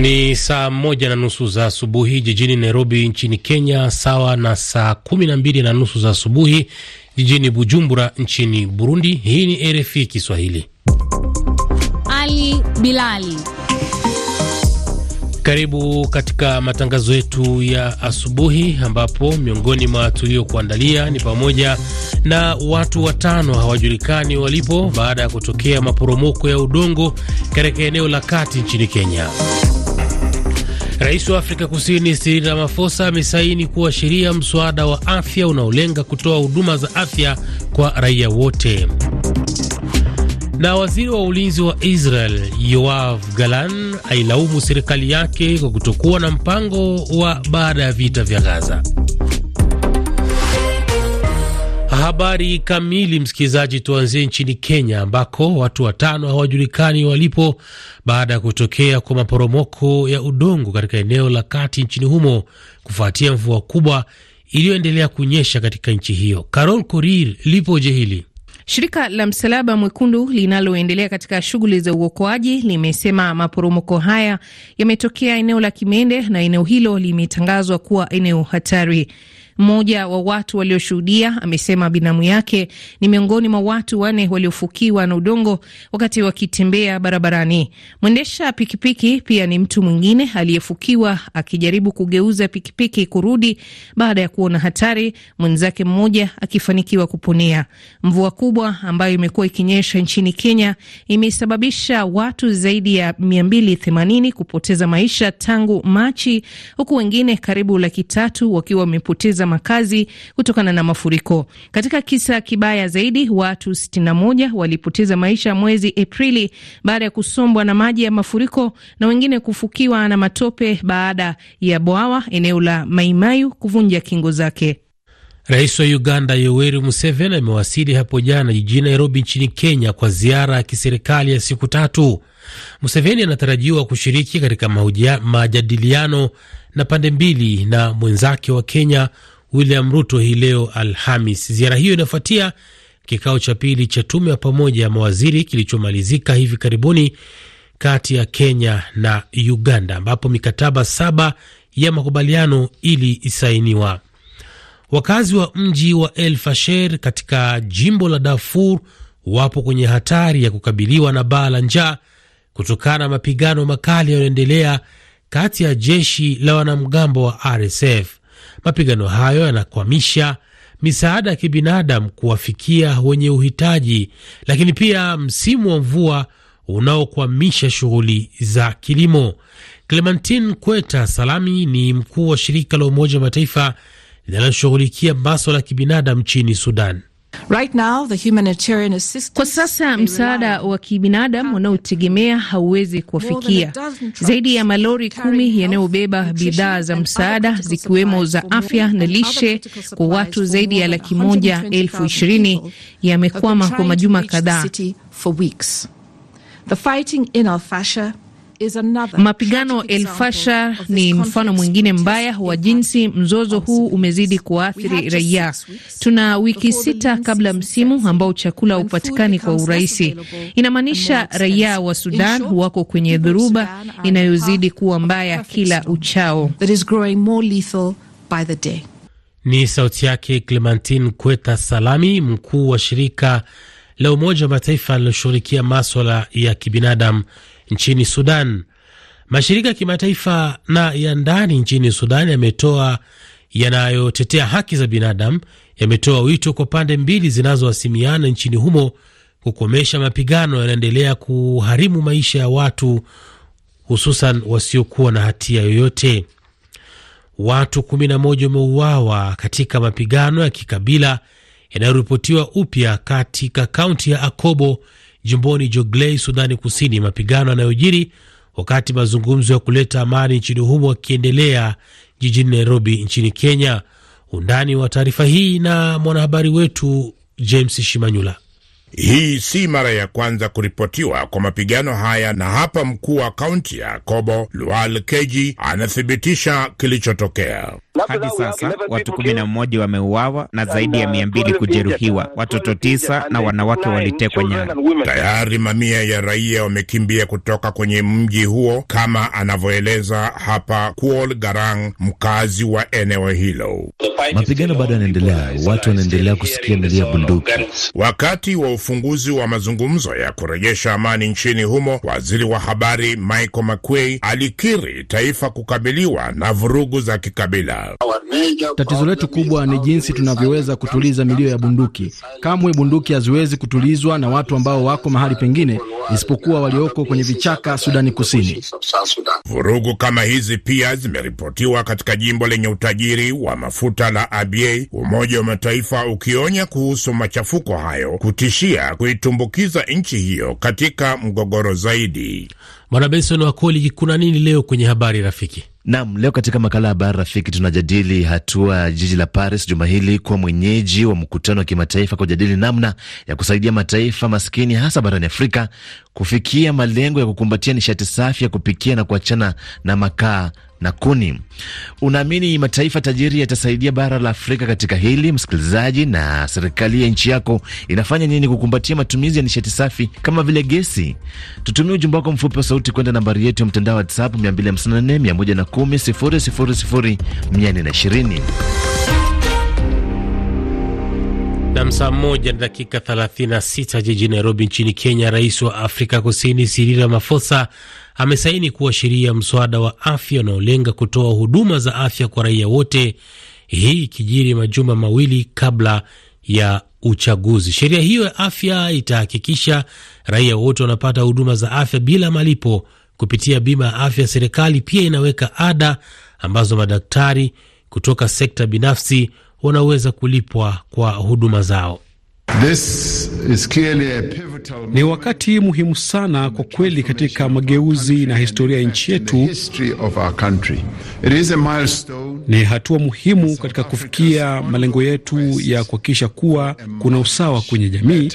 Ni saa moja na nusu za asubuhi jijini Nairobi nchini Kenya, sawa na saa kumi na mbili na nusu za asubuhi jijini Bujumbura nchini Burundi. Hii ni RFI Kiswahili. Ali Bilali, karibu katika matangazo yetu ya asubuhi, ambapo miongoni mwa tuliokuandalia ni pamoja na watu watano hawajulikani walipo baada ya kutokea maporomoko ya udongo katika eneo la kati nchini Kenya. Rais wa Afrika Kusini Cyril Ramaphosa amesaini kuwa sheria mswada wa afya unaolenga kutoa huduma za afya kwa raia wote. Na waziri wa ulinzi wa Israel Yoav Galan ailaumu serikali yake kwa kutokuwa na mpango wa baada ya vita vya Gaza. Habari kamili, msikilizaji, tuanzie nchini Kenya ambako watu watano hawajulikani walipo baada ya kutokea kwa maporomoko ya udongo katika eneo la kati nchini humo kufuatia mvua kubwa iliyoendelea kunyesha katika nchi hiyo. Carol Korir lipoje hili Shirika la Msalaba Mwekundu linaloendelea katika shughuli za uokoaji limesema maporomoko haya yametokea eneo la Kimende na eneo hilo limetangazwa kuwa eneo hatari. Mmoja wa watu walioshuhudia amesema binamu yake ni miongoni mwa watu wanne waliofukiwa na udongo wakati wakitembea barabarani. Mwendesha pikipiki pia ni mtu mwingine aliyefukiwa akijaribu kugeuza pikipiki kurudi baada ya kuona hatari, mwenzake mmoja akifanikiwa kuponea. Mvua kubwa ambayo imekuwa ikinyesha nchini Kenya imesababisha watu zaidi ya 280 kupoteza maisha tangu Machi, huku wengine karibu laki tatu wakiwa wamepoteza makazi kutokana na mafuriko. Katika kisa kibaya zaidi, watu 61 walipoteza maisha mwezi Aprili baada ya kusombwa na maji ya mafuriko na wengine kufukiwa na matope baada ya bwawa eneo la Maimayu kuvunja kingo zake. Rais wa Uganda Yoweri Museveni amewasili hapo jana jijini Nairobi nchini Kenya kwa ziara ya kiserikali ya siku tatu. Museveni anatarajiwa kushiriki katika majadiliano na pande mbili na mwenzake wa Kenya William Ruto hii leo Alhamis. Ziara hiyo inafuatia kikao cha pili cha tume ya pamoja ya mawaziri kilichomalizika hivi karibuni kati ya Kenya na Uganda, ambapo mikataba saba ya makubaliano ilisainiwa Wakazi wa mji wa El Fasher katika jimbo la Darfur wapo kwenye hatari ya kukabiliwa na baa la njaa kutokana na mapigano makali yanayoendelea kati ya jeshi la wanamgambo wa RSF. Mapigano hayo yanakwamisha misaada ya kibinadamu kuwafikia wenye uhitaji, lakini pia msimu wa mvua unaokwamisha shughuli za kilimo. Clementine Kweta Salami ni mkuu wa shirika la Umoja wa Mataifa linaloshughulikia maswala ya kibinadamu nchini Sudan. Right now, the humanitarian assistance, kwa sasa msaada wa kibinadamu wanaotegemea hauwezi kuwafikia. Zaidi ya malori kumi yanayobeba bidhaa za msaada zikiwemo za afya na lishe kwa watu zaidi ya laki moja elfu ishirini yamekwama kwa majuma kadhaa. Mapigano El Fasher ni mfano mwingine mbaya wa jinsi mzozo huu umezidi kuathiri raia. Tuna wiki sita kabla msimu ambao chakula haupatikani kwa urahisi. Inamaanisha raia wa Sudan wako kwenye dhoruba inayozidi kuwa mbaya kila uchao. Ni sauti yake Clementine Kweta Salami, mkuu wa shirika la Umoja wa Mataifa linaloshughulikia maswala ya kibinadamu nchini Sudan. Mashirika ya kimataifa na ya ndani nchini Sudan yametoa yanayotetea haki za binadamu yametoa wito kwa pande mbili zinazohasimiana nchini humo kukomesha mapigano yanaendelea kuharimu maisha ya watu hususan wasiokuwa na hatia yoyote. Watu 11 wameuawa katika mapigano ya kikabila yanayoripotiwa upya katika kaunti ya Akobo jimboni Jonglei, Sudani Kusini, mapigano yanayojiri wakati mazungumzo ya kuleta amani nchini humo akiendelea jijini Nairobi nchini Kenya. Undani wa taarifa hii na mwanahabari wetu James Shimanyula. Hii si mara ya kwanza kuripotiwa kwa mapigano haya, na hapa mkuu wa kaunti ya Kobo Lual Keji anathibitisha kilichotokea. Hadi sasa watu kumi na mmoja wameuawa na zaidi ya uh, mia mbili kujeruhiwa, watoto tisa na wanawake walitekwa nyara. Tayari mamia ya raia wamekimbia kutoka kwenye mji huo, kama anavyoeleza hapa Kuol Garang, mkazi wa eneo hilo. Mapigano bado yanaendelea, watu wanaendelea kusikia milio ya bunduki wakati wa ufunguzi wa mazungumzo ya kurejesha amani nchini humo, waziri wa habari Michael mcquay alikiri taifa kukabiliwa na vurugu za kikabila. Tatizo letu kubwa ni jinsi tunavyoweza kutuliza milio ya bunduki. Kamwe bunduki haziwezi kutulizwa na watu ambao wako mahali pengine isipokuwa walioko kwenye vichaka Sudani Kusini. Vurugu kama hizi pia zimeripotiwa katika jimbo lenye utajiri wa mafuta la aba Umoja wa Mataifa ukionya kuhusu machafuko hayo kutishia kuzuia kuitumbukiza nchi hiyo katika mgogoro zaidi. Bwana Benson Wakoli, kuna nini leo kwenye habari rafiki? Nam, leo katika makala ya habari rafiki tunajadili hatua ya jiji la Paris juma hili kuwa mwenyeji wa mkutano wa kimataifa kujadili namna ya kusaidia mataifa maskini hasa barani Afrika kufikia malengo ya kukumbatia nishati safi ya kupikia na kuachana na makaa na kuni. Unaamini mataifa tajiri yatasaidia bara la Afrika katika hili, msikilizaji? Na serikali ya nchi yako inafanya nini kukumbatia matumizi ya nishati safi kama vile gesi? Tutumie ujumbe wako mfupi wa sauti kwenda nambari yetu ya mtandao wa WhatsApp 254 110 000 420 na saa moja na dakika 36 jijini Nairobi nchini Kenya. Rais wa Afrika Kusini Cyril Ramaphosa amesaini kuwa sheria mswada wa afya unaolenga kutoa huduma za afya kwa raia wote, hii ikijiri majuma mawili kabla ya uchaguzi. Sheria hiyo ya afya itahakikisha raia wote wanapata huduma za afya bila malipo kupitia bima ya afya. Serikali pia inaweka ada ambazo madaktari kutoka sekta binafsi wanaweza kulipwa kwa huduma zao. This is clearly a pivotal... Ni wakati muhimu sana kwa kweli katika mageuzi na historia ya nchi yetu. Ni hatua muhimu katika kufikia malengo yetu ya kuhakikisha kuwa kuna usawa kwenye jamii.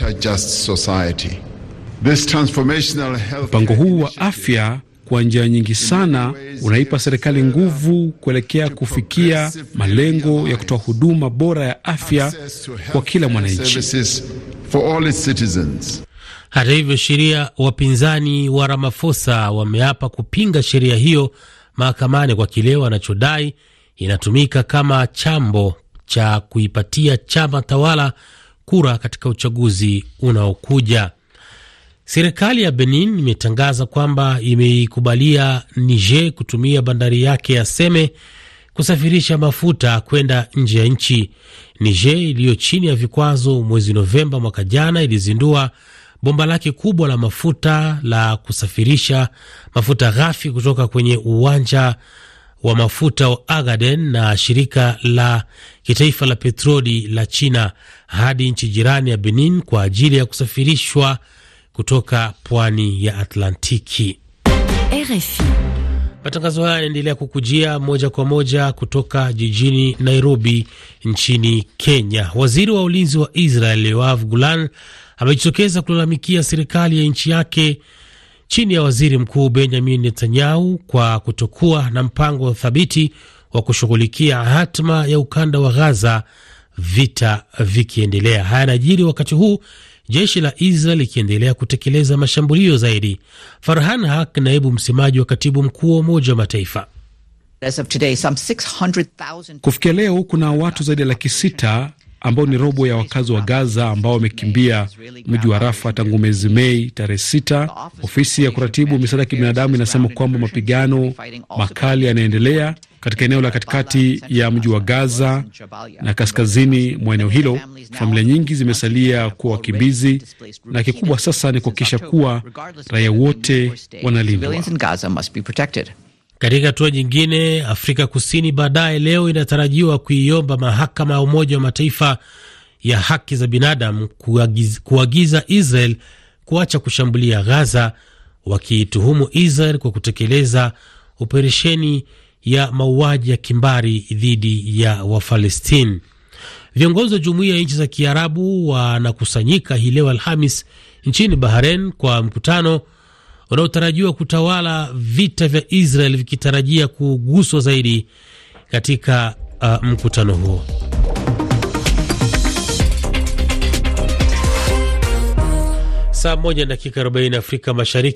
Mpango huu wa afya kwa njia nyingi sana unaipa serikali nguvu kuelekea kufikia malengo ya kutoa huduma bora ya afya kwa kila mwananchi. Hata hivyo, sheria wapinzani wa ramafosa wameapa kupinga sheria hiyo mahakamani kwa kile wanachodai inatumika kama chambo cha kuipatia chama tawala kura katika uchaguzi unaokuja. Serikali ya Benin imetangaza kwamba imeikubalia Niger kutumia bandari yake ya Seme kusafirisha mafuta kwenda nje ya nchi. Niger iliyo chini ya vikwazo, mwezi Novemba mwaka jana ilizindua bomba lake kubwa la mafuta la kusafirisha mafuta ghafi kutoka kwenye uwanja wa mafuta wa Agaden na shirika la kitaifa la petroli la China hadi nchi jirani ya Benin kwa ajili ya kusafirishwa kutoka pwani ya Atlantiki. RFI. Matangazo haya yanaendelea kukujia moja kwa moja kutoka jijini Nairobi nchini Kenya. Waziri wa ulinzi wa Israel Yoav Gulan amejitokeza kulalamikia serikali ya nchi yake chini ya waziri mkuu Benjamin Netanyahu kwa kutokuwa na mpango thabiti wa kushughulikia hatma ya ukanda wa Gaza, vita vikiendelea. Haya yanajiri wakati huu jeshi la Israel likiendelea kutekeleza mashambulio zaidi. Farhan Haq, naibu msemaji wa katibu mkuu wa Umoja wa Mataifa: kufikia leo kuna watu zaidi ya laki sita ambao ni robo ya wakazi wa Gaza ambao wamekimbia mji wa Rafa tangu mwezi Mei tarehe sita. Ofisi ya kuratibu misaada ya kibinadamu inasema kwamba mapigano makali yanaendelea katika eneo la katikati ya mji wa Gaza na kaskazini mwa eneo hilo. Familia nyingi zimesalia kuwa wakimbizi, na kikubwa sasa ni kuhakikisha kuwa raia wote wanalindwa. Katika hatua nyingine, Afrika Kusini baadaye leo inatarajiwa kuiomba mahakama ya Umoja wa Mataifa ya haki za binadamu kuagiza, kuagiza Israel kuacha kushambulia Gaza, wakiituhumu Israel kwa kutekeleza operesheni ya mauaji ya kimbari dhidi ya Wafalestini. Viongozi wa jumuiya ya nchi za Kiarabu wanakusanyika hii leo Alhamis nchini Bahrain kwa mkutano unaotarajiwa kutawala vita vya Israel vikitarajia kuguswa zaidi katika uh, mkutano huo. Saa moja dakika 40 Afrika Mashariki.